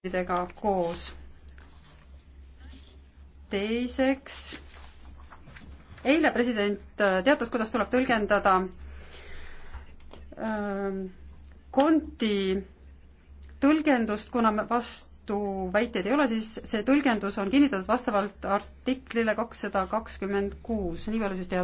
idega koos. teiseks, eile president äh, teatas, kuidas tuleb tõlgendada konti ähm, tõlgendust, kuna vastuväiteid ei ole, siis see tõlgendus on kinnitatud vastavalt artiklile kakssada kakskümmend kuus, nii palju siis teada.